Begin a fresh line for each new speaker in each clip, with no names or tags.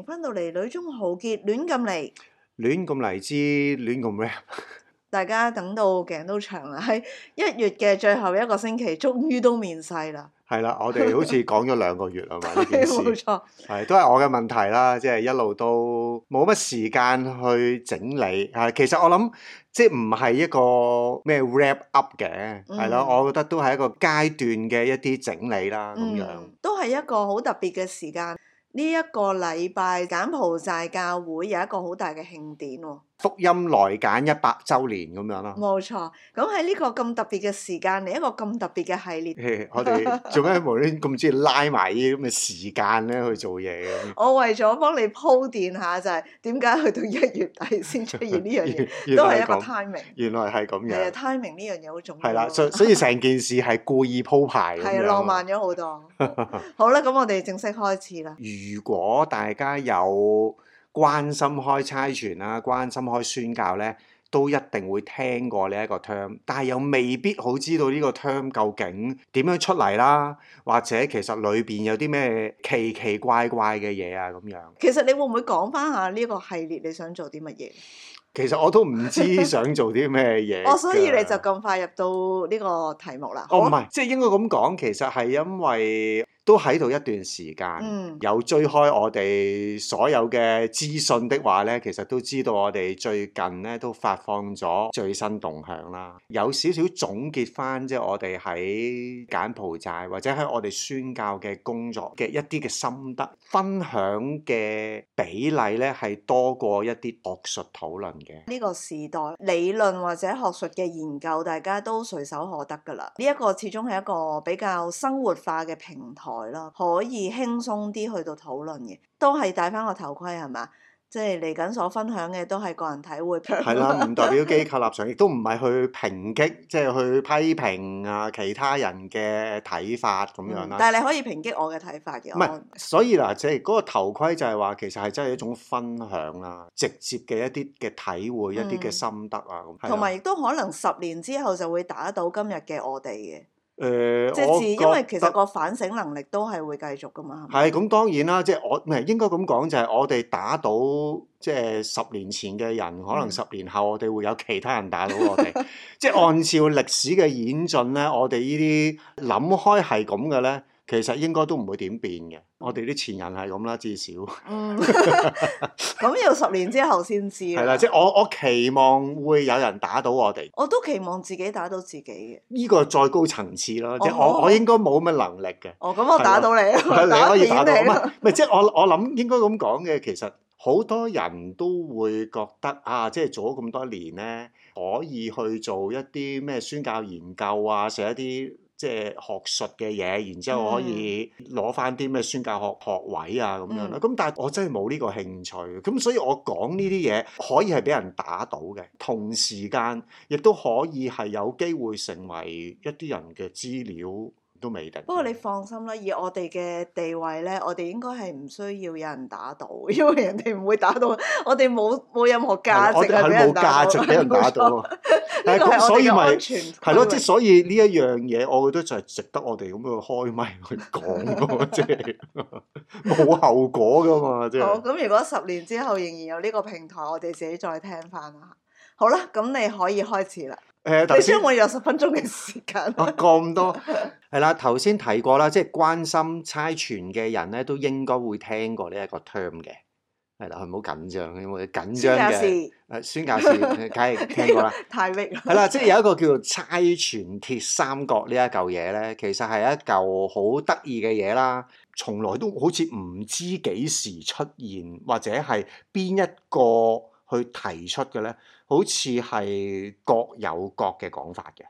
翻到嚟，女中豪傑，亂咁嚟，
亂咁嚟之，亂咁 wrap。
大家等到頸都長啦，喺一月嘅最後一個星期，終於都面世啦。
係啦，我哋好似講咗兩個月啊嘛，呢件事。冇錯，係都係我嘅問題啦，即係一路都冇乜時間去整理。係，其實我諗，即係唔係一個咩 wrap up 嘅，係咯？我覺得都係一個階段嘅一啲整理啦，咁樣。
都係一個好特別嘅時間。呢一個禮拜，柬埔寨教會有一個好大嘅慶典喎、哦。
福音來簡一百週年咁樣咯、啊，
冇錯。咁喺呢個咁特別嘅時間，嚟一個咁特別嘅系列，
我哋做咩無端咁中意拉埋啲咁嘅時間咧去做嘢嘅？
我為咗幫你鋪墊下，就係點解去到一月底先出現呢樣嘢，都係一個 timing。
原來係咁樣，其實
timing 呢樣嘢好重要。係啦，所以所以
成件事係故意鋪排咁樣。 浪
漫咗好多。好啦，咁我哋正式開始啦。
如果大家有關心開差傳啦、啊，關心開宣教咧，都一定會聽過呢一個 term，但係又未必好知道呢個 term 究竟點樣出嚟啦，或者其實裏邊有啲咩奇奇怪怪嘅嘢啊咁樣。
其實你會唔會講翻下呢個系列你想做啲乜嘢？
其實我都唔知想做啲咩嘢。我、 oh, 所以你就
咁快入到呢個題目啦。哦，唔係，即
係應該咁講，其實係因為都喺度一段時間，mm. 有追開我哋所有嘅資訊的話咧，其實都知道我哋最近咧都發放咗最新動向啦，有少少總結翻即係我哋喺柬埔寨或者喺我哋宣教嘅工作嘅一啲嘅心得分享嘅比例咧，係多過一啲學術討論。
呢個時代理論或者學術嘅研究，大家都隨手可得㗎啦。呢一個始終係一個比較生活化嘅平台咯，可以輕鬆啲去到討論嘅，都係戴翻個頭盔係嘛？即係嚟緊所分享嘅都係個人體會，係啦，唔代表
機構立場，亦都唔係去抨擊，即係去批評啊其他人嘅睇法咁樣啦、嗯。但係你可以
抨擊我嘅睇法嘅。唔係不，
我所以嗱，即係嗰個頭盔就係話，其實係真係一種分享啦、啊，直接嘅一啲嘅體會，嗯、一啲嘅心得啊咁。同埋亦
都可能十年之後就會打到今日嘅我哋嘅。
誒，呃、即係因為其實個
反省能力都係會繼續噶嘛，係。
咁當然啦，即係我唔係應該咁講，就係我哋打倒，即係十年前嘅人，可能十年後我哋會有其他人打倒我哋。 即係按照歷史嘅演進咧，我哋呢啲諗開係咁嘅咧。其實應該都唔會點變嘅，我哋啲前人係咁啦，至少。
嗯。咁要十年之後先知。係啦，
即係我我期望會有人打到我哋。
我都期望自己打到
自己嘅。呢個再高層次咯，即係我我應該冇乜能力嘅。哦，咁我打到你啊！你可以打到啊嘛？唔係，即係我我諗應該咁講嘅，其實好多人都會覺得啊，即係做咗咁多年咧，可以去做一啲咩宣教研究啊，寫一啲。即係學術嘅嘢，然之後可以攞翻啲咩宣教學學位啊咁樣啦。咁但係我真係冇呢個興趣，咁所以我講呢啲嘢可以係俾人打倒嘅，同時間亦都可以係有機會成為一啲人嘅資料。都未定。
不過你放心啦，以我哋嘅地位咧，我哋應該係唔需要有人打到，因為人哋唔會打到。我哋冇冇任何價值俾人打到冇價值俾人打到
啊！咁所以咪係咯，即係所以呢一樣嘢，我覺得就係值得我哋咁樣開咪去講，即係冇後果噶嘛，即係，好。
好咁，如果十年之後仍然有呢個平台，我哋自己再聽翻啦。好啦，咁你可以開始啦。
誒，頭先、呃、我有十分鐘嘅時間，啊咁多係啦，頭先提過啦，即係關心差傳嘅人咧，都應該會聽過呢一個 term 嘅，係啦，佢唔好緊張，因為緊張嘅，孫教授，誒，孫教授梗係聽過啦，
太逼啦，係啦，即係有
一個叫做差傳鐵三角呢一嚿嘢咧，其實係一嚿好得意嘅嘢啦，從來都好似唔知幾時出現，或者係邊一個。佢提出嘅咧，好似係各有各嘅講法嘅，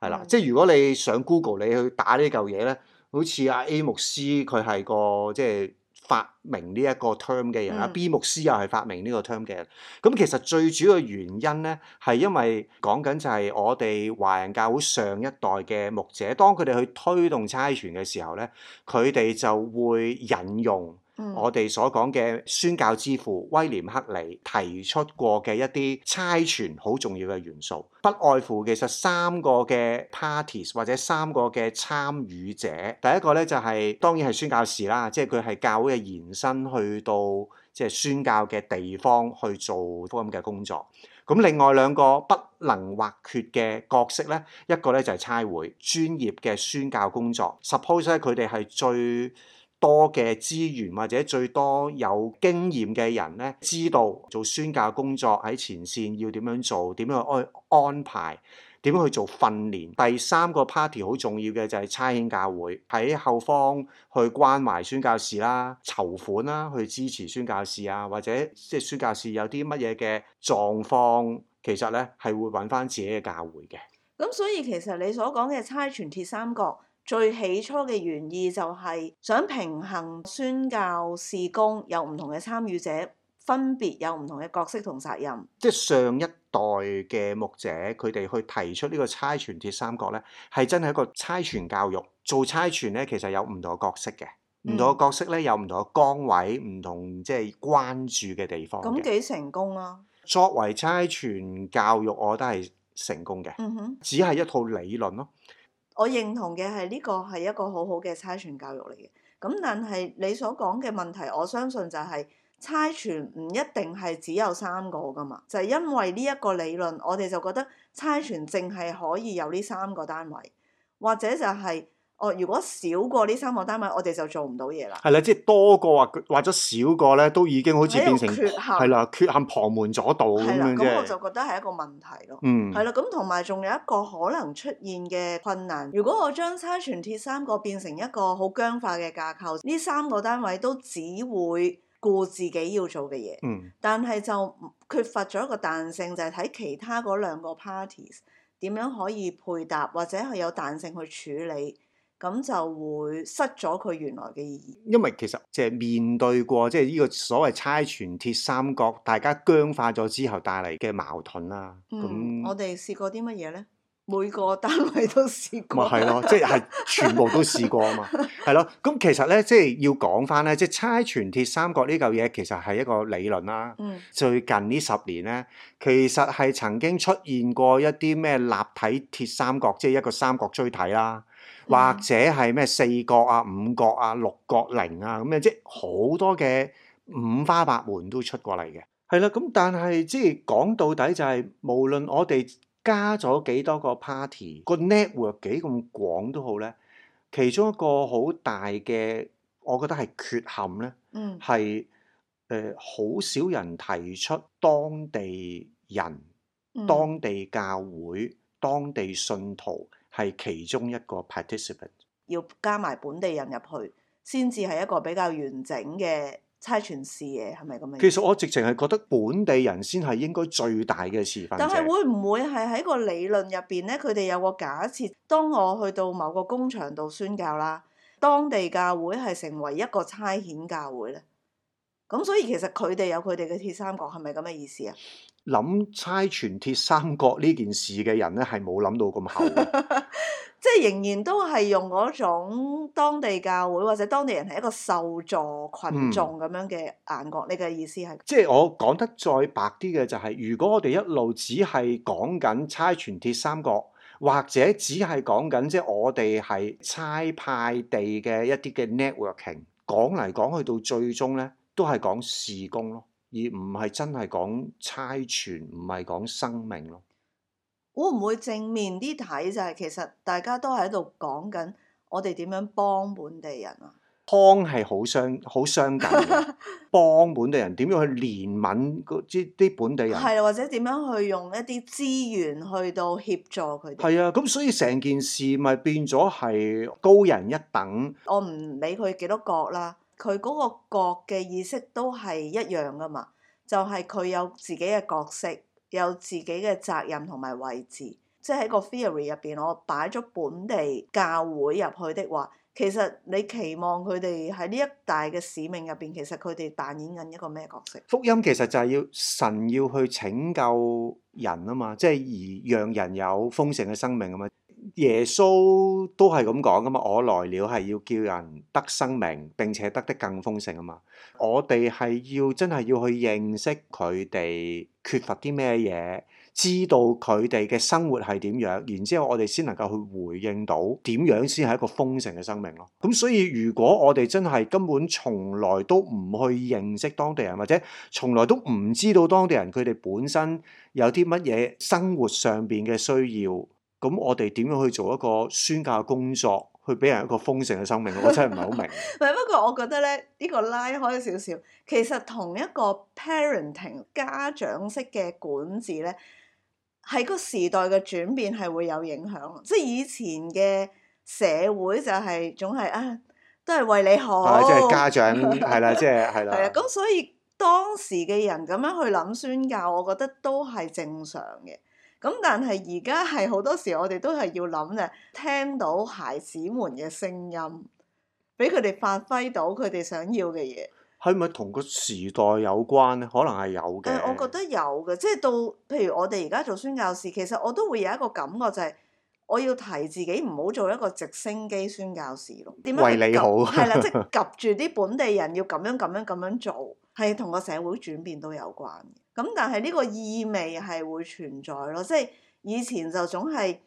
係啦。的即係如果你上 Google，你去打呢嚿嘢咧，好似阿 A 牧師佢係個即係發明呢一個 term 嘅人，阿的 B 牧師又係發明呢個 term 嘅人。咁的其實最主要嘅原因咧，係因為講緊就係我哋華人教會上一代嘅牧者，當佢哋去推動差傳嘅時候咧，佢哋就會引用。我哋所講嘅宣教之父威廉克里提出過嘅一啲差傳好重要嘅元素，不外乎其實三個嘅 parties 或者三個嘅參與者。第一個咧就係、是、當然係宣教士啦，即係佢係教會嘅延伸去到即係、就是、宣教嘅地方去做咁嘅工作。咁另外兩個不能或缺嘅角色咧，一個咧就係差會專業嘅宣教工作，suppose 咧佢哋係最。多嘅資源或者最多有經驗嘅人咧，知道做宣教工作喺前線要點樣做，點樣去安安排，點樣去做訓練。第三個 party 好重要嘅就係差遣教會喺後方去關懷宣教士啦，籌款啦，去支持宣教士啊，或者即係宣教士有啲乜嘢嘅狀況，其實咧係會搵返自己嘅教會嘅。
咁所以其實你所講嘅差傳鐵三角。最起初嘅原意就係想平衡宣教事工，有唔同嘅參與者，分別有唔同嘅角色同責任。
即係上一代嘅牧者，佢哋去提出呢個差傳鐵三角咧，係真係一個差傳教育。做差傳咧，其實有唔同嘅角色嘅，唔同嘅角色咧，有唔同嘅崗位，唔同即係關注嘅地方。咁
幾成功啊？
作為差傳教育，我覺得係成功嘅。嗯哼，只係一套理論咯。
我認同嘅係呢個係一個好好嘅差傳教育嚟嘅，咁但係你所講嘅問題，我相信就係差傳唔一定係只有三個噶嘛，就係、因為呢一個理論，我哋就覺得差傳淨係可以有呢三個單位，或者就係、係。哦，如果少過呢三個單位，我哋就做唔到嘢啦。
係啦，即係多個或或者少個咧，都已經好似變成有缺陷。係啦，缺陷旁門左道咁樣啫。係啦，咁我就覺
得係一個問題咯。嗯。係啦，咁同埋仲有一個可能出現嘅困難，如果我將差傳鐵三角變成一個好僵化嘅架構，呢三個單位都只會顧自己要做嘅嘢。嗯。但係就缺乏咗一個彈性，就係、是、睇其他嗰兩個 parties 點樣可以配搭，或者係有彈性去處理。咁就會失咗佢原來嘅意
義，因為其實即係面對過即係呢個所謂差傳鐵三角，大家僵化咗之後帶嚟嘅矛盾啦。
咁、嗯、那我哋試過啲乜嘢咧？每個單位都試過，咪係咯，即
係係全部都試過啊嘛，係咯。 咁其實咧，即、就、係、是、要講翻咧，即係差傳鐵三角呢嚿嘢其實係一個理論啦。嗯，最近呢十年咧，其實係曾經出現過一啲咩立體鐵三角，即、就、係、是、一個三角錐體啦。或者係咩四角啊、五角啊、六角零啊咁樣，即係好多嘅五花八門都出過嚟嘅。係啦，咁但係即係講到底就係、是，無論我哋加咗幾多個 party，mm. 個 network 幾咁廣都好咧，其中一個好大嘅，我覺得係缺陷咧。嗯、mm.，係、呃、誒，好少人提出當地人、mm. 當地教會、當地信徒。係其中一個 participant，
要加埋本地人入去，先至係一個比較完整嘅差傳視野，係咪咁樣？其實
我直情係覺得本地人先係應該最大嘅持分者。但係
會唔會係喺個理論入邊咧？佢哋有個假設，當我去到某個工場度宣教啦，當地教會係成為一個差遣教會咧。咁所以其實佢哋有佢哋嘅鐵三角，係咪咁嘅
意思啊？諗差傳鐵三角呢件事嘅人咧，係冇諗到咁厚， 即
係仍然都係用嗰種當地教會或者當地人係一個受助群眾咁、嗯、樣嘅眼光。你嘅意思係？
即係我講得再白啲嘅就係、是，如果我哋一路只係講緊差傳鐵三角，或者只係講緊即係我哋係差派地嘅一啲嘅 networking，講嚟講去到最終咧，都係講事工咯。而唔係真係講差傳，唔係講生命咯。
會唔會正面啲睇就係其實大家都喺度講緊我哋點樣幫本地人啊？
幫係好相好相等嘅， 幫本地人點樣去憐憫嗰啲本地人？係啊，
或者點樣去用一啲資源去到協助佢哋？係
啊，咁所以成件事咪變咗係高人一等？
我唔理佢幾多角啦。佢嗰個角嘅意識都係一樣噶嘛，就係、是、佢有自己嘅角色，有自己嘅責任同埋位置。即係喺個 theory 入邊，我擺咗本地教會入去的話，其實你期望佢哋喺呢一大嘅使命入邊，其實佢哋扮演緊一個咩角色？
福音其實就係要神要去拯救人啊嘛，即、就、係、是、而讓人有豐盛嘅生命啊嘛。耶穌都係咁講噶嘛？我來了係要叫人得生命，並且得的更豐盛啊嘛！我哋係要真係要去認識佢哋缺乏啲咩嘢，知道佢哋嘅生活係點樣，然之後我哋先能夠去回應到點樣先係一個豐盛嘅生命咯。咁所以如果我哋真係根本從來都唔去認識當地人，或者從來都唔知道當地人，佢哋本身有啲乜嘢生活上面嘅需要。咁我哋點樣去做一個宣教工作，去俾人一個豐盛嘅生命？我真係唔係好
明。唔 不過我覺得咧，呢、呢個拉開少少，其實同一個 parenting 家長式嘅管治咧，喺個時代嘅轉變係會有影響。即、就、係、係、以前嘅社會就係總係啊，都係為你好。即係、啊就係、家長，係啦， 即係係啦。咁 所以當時嘅人咁樣去諗宣教，我覺得都係正常嘅。咁但係而家係好多時，我哋都係要諗咧，聽到孩子們嘅聲音，俾佢哋發揮到佢哋想要嘅嘢。
係咪同個時代有關咧？可能係有嘅。我覺
得有嘅，即係到譬如我哋而家做宣教士，其實我都會有一個感覺就係、是，我要提自己唔好做一個直升機宣教士咯。為，為你好。係 啦，即係及住啲本地人要咁樣咁樣咁樣做，係同個社會轉變都有關嘅。咁但係呢個意味係會存在咯，即係以前就總係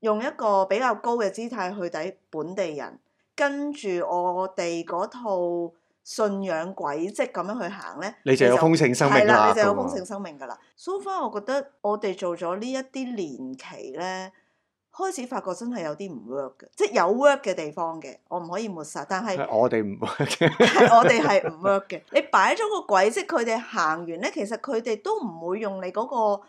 用一個比較高嘅姿態去抵本地人，跟住我哋嗰套信仰軌跡咁樣去行呢。你就有豐盛生命啦，係啦，你就有豐盛生命噶啦。So far，我覺得我哋做咗呢一啲年期呢。開始發覺真係有啲唔 work 嘅，即係有 work 嘅地方嘅，我唔可以抹殺。但係我
哋唔， 我哋係唔
work 嘅。你擺咗個軌跡，佢哋行完咧，其實佢哋都唔會用你嗰個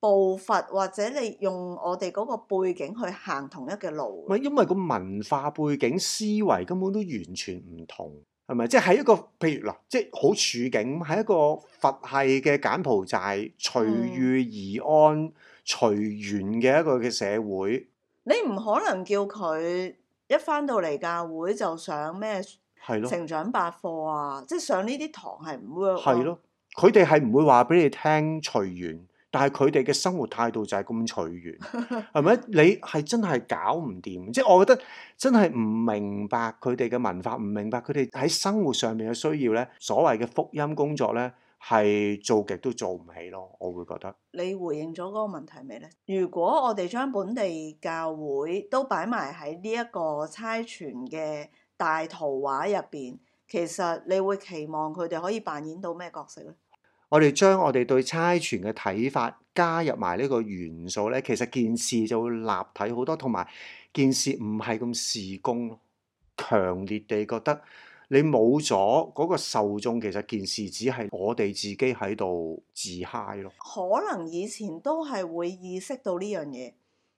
步伐，或者你用我哋嗰個背景去行同一個路。
唔係，因為個文化背景、思維根本都完全唔同，係咪？即係喺一個，譬如嗱，即係好處境，喺一個佛系嘅柬埔寨，隨遇而安。嗯隨緣嘅一個嘅社會，
你唔可能叫佢一翻到嚟教會就上咩係咯成長百課啊，的即係上呢啲堂係唔 work。係咯，
佢哋係唔會話俾你聽隨緣，但係佢哋嘅生活態度就係咁隨緣，係咪？你係真係搞唔掂，即係 我覺得真係唔明白佢哋嘅文化，唔明白佢哋喺生活上面嘅需要咧。所謂嘅福音工作咧，係做極都做唔起咯，我會覺得。
你回應咗嗰個問題未呢？如果我哋將本地教會都擺埋喺呢一個差傳嘅大圖畫入邊，其實你會期望佢哋可以扮演到咩角色呢？
我哋將我哋對差傳嘅睇法加入埋呢個元素呢，其實件事就會立體好多，同埋件事唔係咁事工咯。強烈地覺得。你冇咗嗰個受眾，其實件事只係我哋自己喺度自 high 咯。
可能以前都係會意識到呢樣嘢，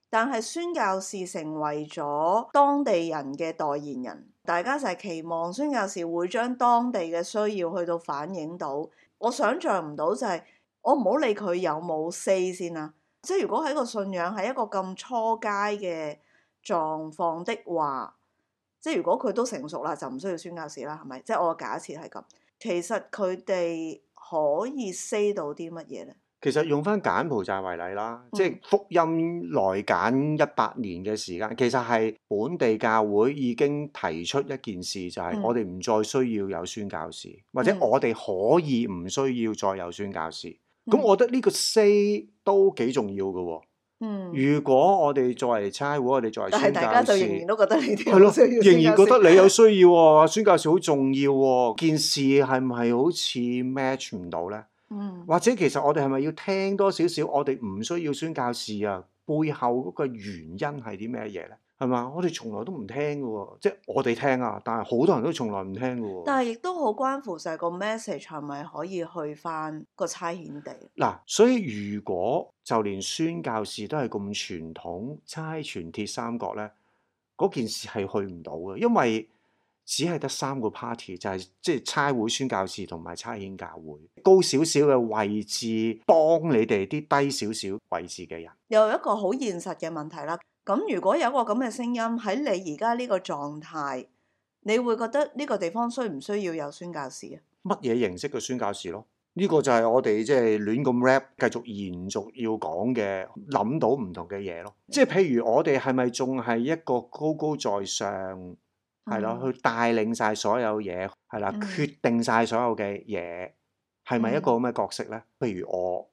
但係宣教士成為咗當地人嘅代言人，大家就係期望宣教士會將當地嘅需要去到反映到。我想像唔到就係、是、我唔好理佢有冇 say 先啦。即係如果係一個信仰係一個咁初階嘅狀況的話。即係如果佢都成熟啦，就唔需要宣教士啦，係咪？即係我假設係咁。其實佢哋可以 say 到啲乜嘢
咧？其實用返柬埔寨為例啦，嗯、即係福音來簡一百年嘅時間，其實係本地教會已經提出一件事，就係我哋唔再需要有宣教士，嗯、或者我哋可以唔需要再有宣教士。咁、嗯、我覺得呢個 say 都幾重要㗎喎、哦。嗯，如果我哋作為差會，我哋作為宣教士，但係大家就仍
然都覺得呢啲係咯，仍然覺得你有
需要喎，宣教士好重要喎。 件事係唔係好似 match 唔到咧？嗯，或者其實我哋係咪要聽多少少？我哋唔需要宣教士啊，背後嗰個原因係啲咩嘢咧？係嘛？我哋從來都唔聽嘅喎、哦，即係我哋聽啊！但係好多人都從來唔聽嘅喎、哦。但係
亦都好關乎晒個 message 係咪可以去翻個差遣地？
嗱、啊，所以如果就連宣教士都係咁傳統差傳鐵三角咧，嗰件事係去唔到嘅，因為只係得三個 party，就係即係差會宣教士同埋差遣教會高少少嘅位置，幫你哋啲低少少位置嘅人。
又有一個好現實嘅問題啦。咁如果有一個咁嘅聲音喺你而家呢個狀態，你會覺得呢個地方需唔需要有宣教士啊？
乜嘢形式嘅宣教士咯？呢、這個就係我哋即係亂咁 wrap，繼續延續要講嘅諗到唔同嘅嘢咯。即係譬如我哋係咪仲係一個高高在上係咯？Uh huh. 去帶領晒所有嘢係啦，uh huh. 決定晒所有嘅嘢係咪一個咁嘅角色咧？譬、uh huh. 如我。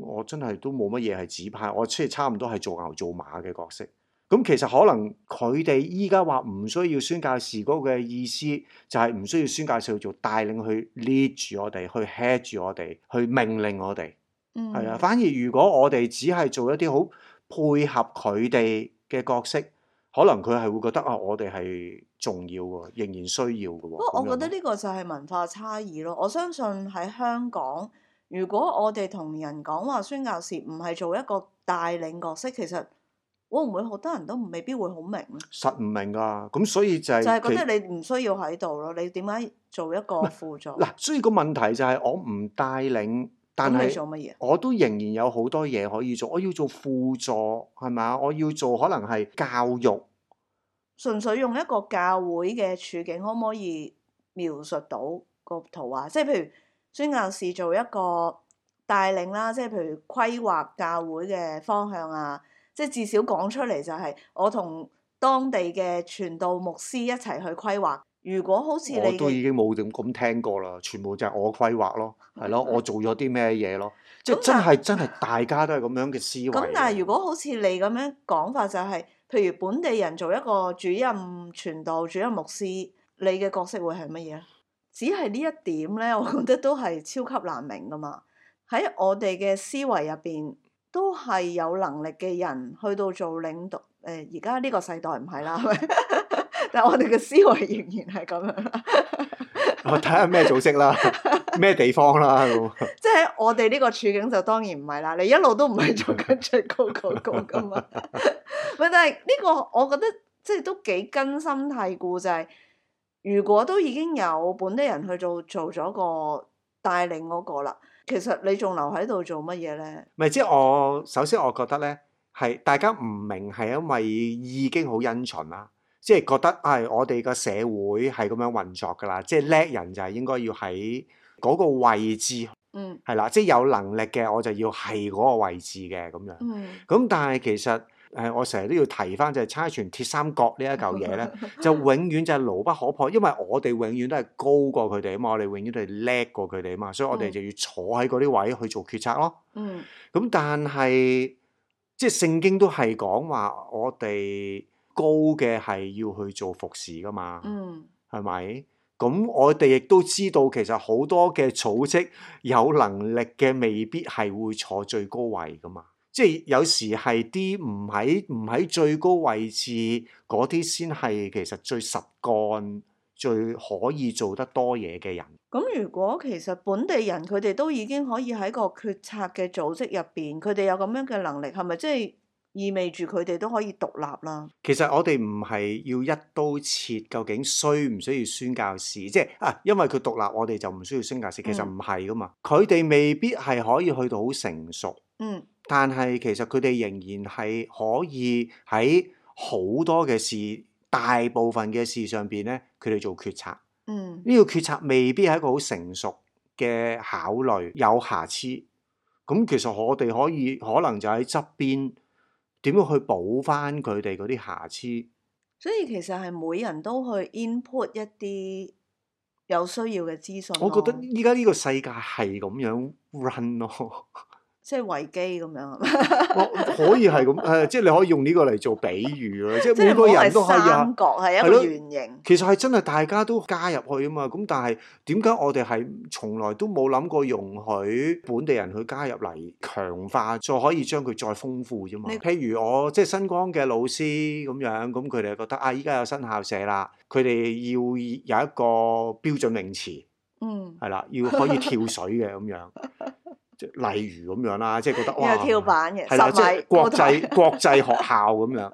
我真係都冇乜嘢係指派，我即係差唔多係做牛做馬嘅角色。咁其實可能佢哋依家話唔需要宣教士嗰個意思，就係、是、唔需要宣教士去做帶領去 lead 住我哋，去 head 住我哋，去命令我哋。嗯，係啊。反而如果我哋只係做一啲好配合佢哋嘅角色，可能佢係會覺得啊，我哋係重要嘅，仍然需要嘅。不過我覺得
呢個就係文化差異咯。我相信喺香港。如果我哋同人講話宣教士唔係做一個帶領角色，其實會唔會好多人都未必會好明
咧？實唔明噶，咁所以就係就係覺得你
唔需要喺度咯。其實，你點解做一個輔助？嗱，
所以個問題就係我唔帶領，但係做乜嘢？我都仍然有好多嘢可以做。我要做輔助，係咪啊？我要做可能係教育。
純粹用一個教會嘅處境，可唔可以描述到個圖畫？即係譬如。宣教士做一個帶領啦，即係譬如規劃教會嘅方向啊，即係至少講出嚟就係我同當地嘅傳道牧師一齊去規劃。如果好似我都已
經冇點咁聽過啦，全部就係我規劃咯，係咯， 我做咗啲咩嘢咯？ 即係真係是真係大家都係咁樣嘅思維。咁但係
如果好似你咁樣講法就係、是，譬如本地人做一個主任傳道、主任牧師，你嘅角色會係乜嘢？只係呢一點咧，我覺得都係超級難明噶嘛。喺我哋嘅思維入邊，都係有能力嘅人去到做領導。誒、呃，而家呢個世代唔係啦， 但係我哋嘅思維仍然係咁樣啦。
我睇下咩組織啦，咩地方啦咁。
即 係 我哋呢個處境就當然唔係啦。你一路都唔係做緊最高高高噶嘛。唔 但係呢個我覺得即係都幾根深蒂固就係。如果都已經有本地人去做做咗個帶領嗰個啦，其實你仲留喺度做乜嘢咧？
咪即係我首先，我覺得咧係大家唔明，係因為已經好因循啦，即係覺得係、哎、我哋個社會係咁樣運作噶啦，即係叻人就係應該要喺嗰個位置，嗯，係啦，即係有能力嘅，我就要係嗰個位置嘅咁樣。嗯，咁但係其實。誒、哎，我成日都要提翻就係、是、差傳鐵三角一呢一嚿嘢咧， 就永遠就係牢不可破，因為我哋永遠都係高過佢哋啊嘛，我哋永遠都係叻過佢哋啊嘛，所以我哋就要坐喺嗰啲位去做決策咯。嗯，咁、嗯嗯、但係即係聖經都係講話，我哋高嘅係要去做服侍㗎嘛。嗯，係咪？咁我哋亦都知道，其實好多嘅組織有能力嘅，未必係會坐最高位㗎嘛。即係有時係啲唔喺唔喺最高位置嗰啲先係其實最實幹、最可以做得多嘢嘅人。
咁如果其實本地人，佢哋都已經可以喺個決策嘅組織入邊，佢哋有咁樣嘅能力，係咪？即係意味住佢哋都可以獨立啦？
其實我哋唔係要一刀切，究竟需唔需要宣教士？即係啊，因為佢獨立，我哋就唔需要宣教士。其實唔係㗎嘛，佢哋、嗯、未必係可以去到好成熟。嗯。但係，其實佢哋仍然係可以喺好多嘅事、大部分嘅事上邊咧，佢哋做決策。嗯，呢個決策未必係一個好成熟嘅考慮，有瑕疵。咁其實我哋可以可能就喺側邊點樣去補返佢哋嗰啲瑕疵。
所以其實係每人都去 input 一啲有需要嘅資訊。我覺得依
家呢個世界係咁樣 run 咯。
即係維基咁樣，
我 可以係咁誒，即係你可以用呢個嚟做比喻咯。 即係每個人都係啊。三角，係一個原型。其實係真係大家都加入去啊嘛。咁但係點解我哋係從來都冇諗過容許本地人去加入嚟強化，再可以將佢再豐富啫嘛？你譬如我即係新光嘅老師咁樣，咁佢哋覺得啊，依家有新校舍啦，佢哋要有一個標準名詞，嗯，係啦，要可以跳水嘅咁樣。 例如咁樣啦，即係覺得要哇，跳板嘅，係啦，即係國際國際學校咁樣。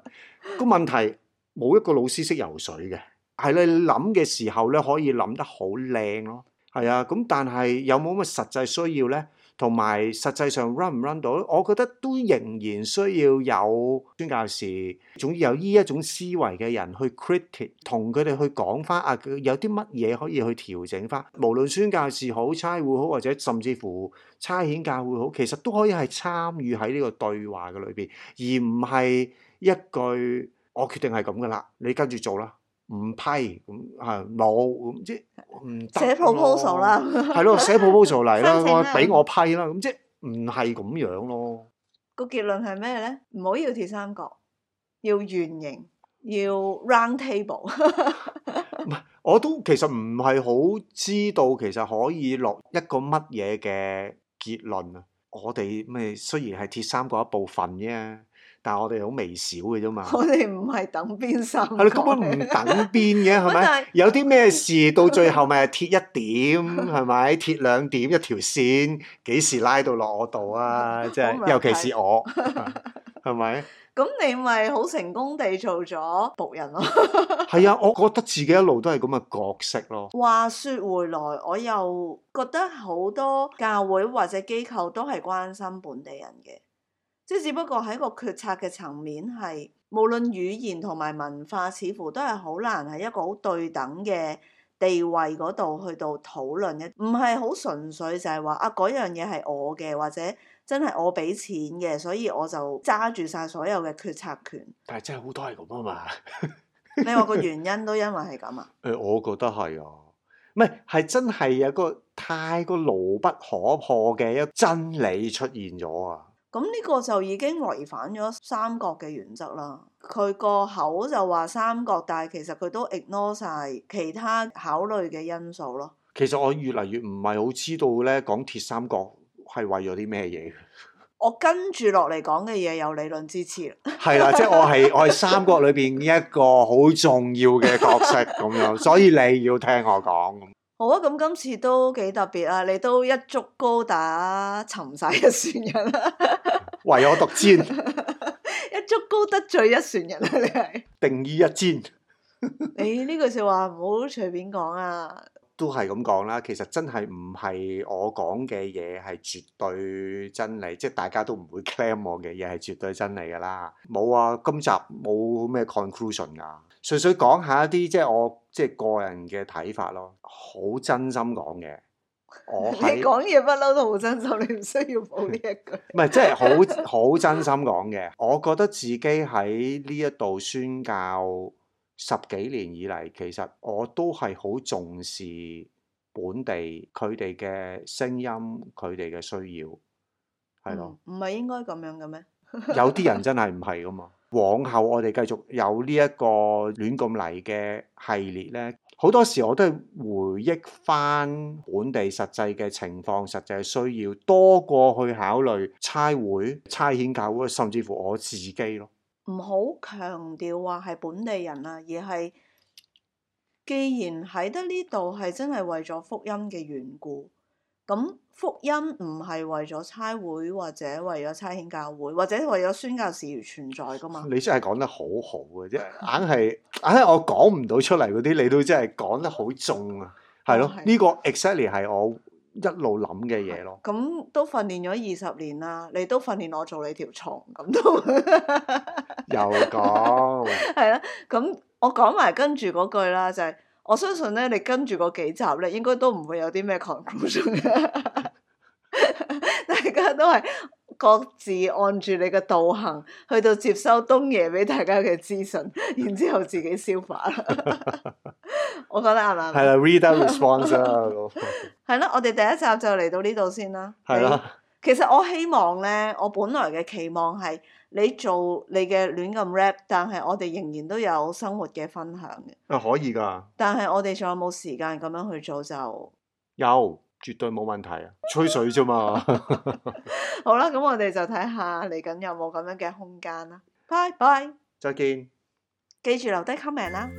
個 問題冇一個老師識游水嘅，係你諗嘅時候咧，可以諗得好靚咯，係啊，咁但係有冇咁嘅實際需要咧？同埋實際上 run 唔 run 到，我覺得都仍然需要有宣教士，總之有呢一種思維嘅人去 critic 同佢哋去講返啊，有啲乜嘢可以去調整返。無論宣教士好，差會好，或者甚至乎差遣教會好，其實都可以係參與喺呢個對話嘅裏邊，而唔係一句我決定係咁噶啦，你跟住做啦。.唔批咁吓冇咁即係唔得，寫 proposal 啦，
係咯，寫
proposal 嚟啦，我俾我批啦，咁即係唔係咁樣咯。
個結論係咩咧？唔好要鐵三角，要圓形，要 round table。唔
係，我都其實唔係好知道，其實可以落一個乜嘢嘅結論啊？我哋咩雖然係鐵三角一部分啫。但係我哋好微小嘅啫嘛，我哋
唔係等邊線，係你 根本唔等
邊嘅，係咪？ 是有啲咩事到最後咪係貼一點，係咪？貼兩點一條線，幾時拉到落我度啊？即係尤其是我，係咪
吧？咁 你咪好成功地做咗僕人咯。
係 啊，我覺得自己一路都係咁嘅角色咯。
話說回來，我又覺得好多教會或者機構都係關心本地人嘅。即係只不過喺個決策嘅層面係，無論語言同埋文化，似乎都係好難喺一個好對等嘅地位嗰度去到討論嘅，唔係好純粹就係話啊嗰樣嘢係我嘅，或者真係我俾錢嘅，所以我就揸住晒所有嘅決策權。
但係真係好多係咁啊嘛，
你話個原因都因為係咁啊？
誒、 欸，我覺得係啊，唔係係真係有個太過牢不可破嘅一個真理出現咗啊！
咁呢個就已經違反咗三角嘅原則啦。佢個口就話三角，但係其實佢都 ignore 晒其他考慮嘅因素咯。
其實我越嚟越唔係好知道咧，講鐵三角係為咗啲咩嘢。
我跟住落嚟講嘅嘢有理論支持。
係 啦，即係我係我係三角裏邊一個好重要嘅角色咁樣， 所以你要聽我講。
好啊，咁今、哦、次都幾特別啊！你都一足高打沉晒一船人啦，
唯我獨尊，
一足高得罪一船人一船 啊！你係
定於一尊，
你呢句說話唔好隨便講啊！
都係咁講啦，其實真係唔係我講嘅嘢係絕對真理，即、就、係、是、大家都唔會 claim 我嘅嘢係絕對真理噶啦。冇啊，今集冇咩 conclusion 噶。純粹講下一啲即係我即係、就是、個人嘅睇法咯，好真心講嘅。我你講
嘢不嬲都好真心，你唔需要補呢一
句。唔係， 即係好好真心講嘅。我覺得自己喺呢一度宣教十幾年以嚟，其實我都係好重視本地佢哋嘅聲音，佢哋嘅需要係咯。
唔係、嗯、應該咁樣嘅咩？ 有啲人
真係唔係噶嘛。往後我哋繼續有呢一個亂咁嚟嘅系列呢，好多時我都係回憶翻本地實際嘅情況，實際需要多過去考慮差會、差遣教會，甚至乎我自己咯。
唔好強調話係本地人啊，而係既然喺得呢度，係真係為咗福音嘅緣故。咁福音唔係為咗差會或者為咗差遣教會，或者為咗宣教事而存在噶嘛？你
真係講得好好嘅啫，硬係硬係我講唔到出嚟嗰啲，你都真係講得好重啊，係咯？呢 個 exactly 係我一路諗嘅嘢咯。
咁、啊、都訓練咗二十年啦，你都訓練我做你條蟲，咁都
又講
係啦。咁、 啊、我講埋跟住嗰句啦，就係、是。我相信咧，你跟住嗰幾集咧，應該都唔會有啲咩 conclusion。 大家都係各自按住你嘅道行，去到接收東爺俾大家嘅資訊，然之後自己消化啦。 我覺得啱啱？係啦，reader response 啦。係咯，我哋第一集就嚟到呢度先啦。係啦 Hey。 其實我希望呢，我本來嘅期望係你做你嘅亂咁 rap，但係我哋仍然都有生活嘅分享嘅。
啊，可以㗎！
但係我哋仲有冇時間咁樣去做就？
有，絕對冇問題啊！吹水啫嘛。
好啦，咁我哋就睇下嚟緊有冇咁樣嘅空間啦。拜拜，再見。記住留低 comment 啦。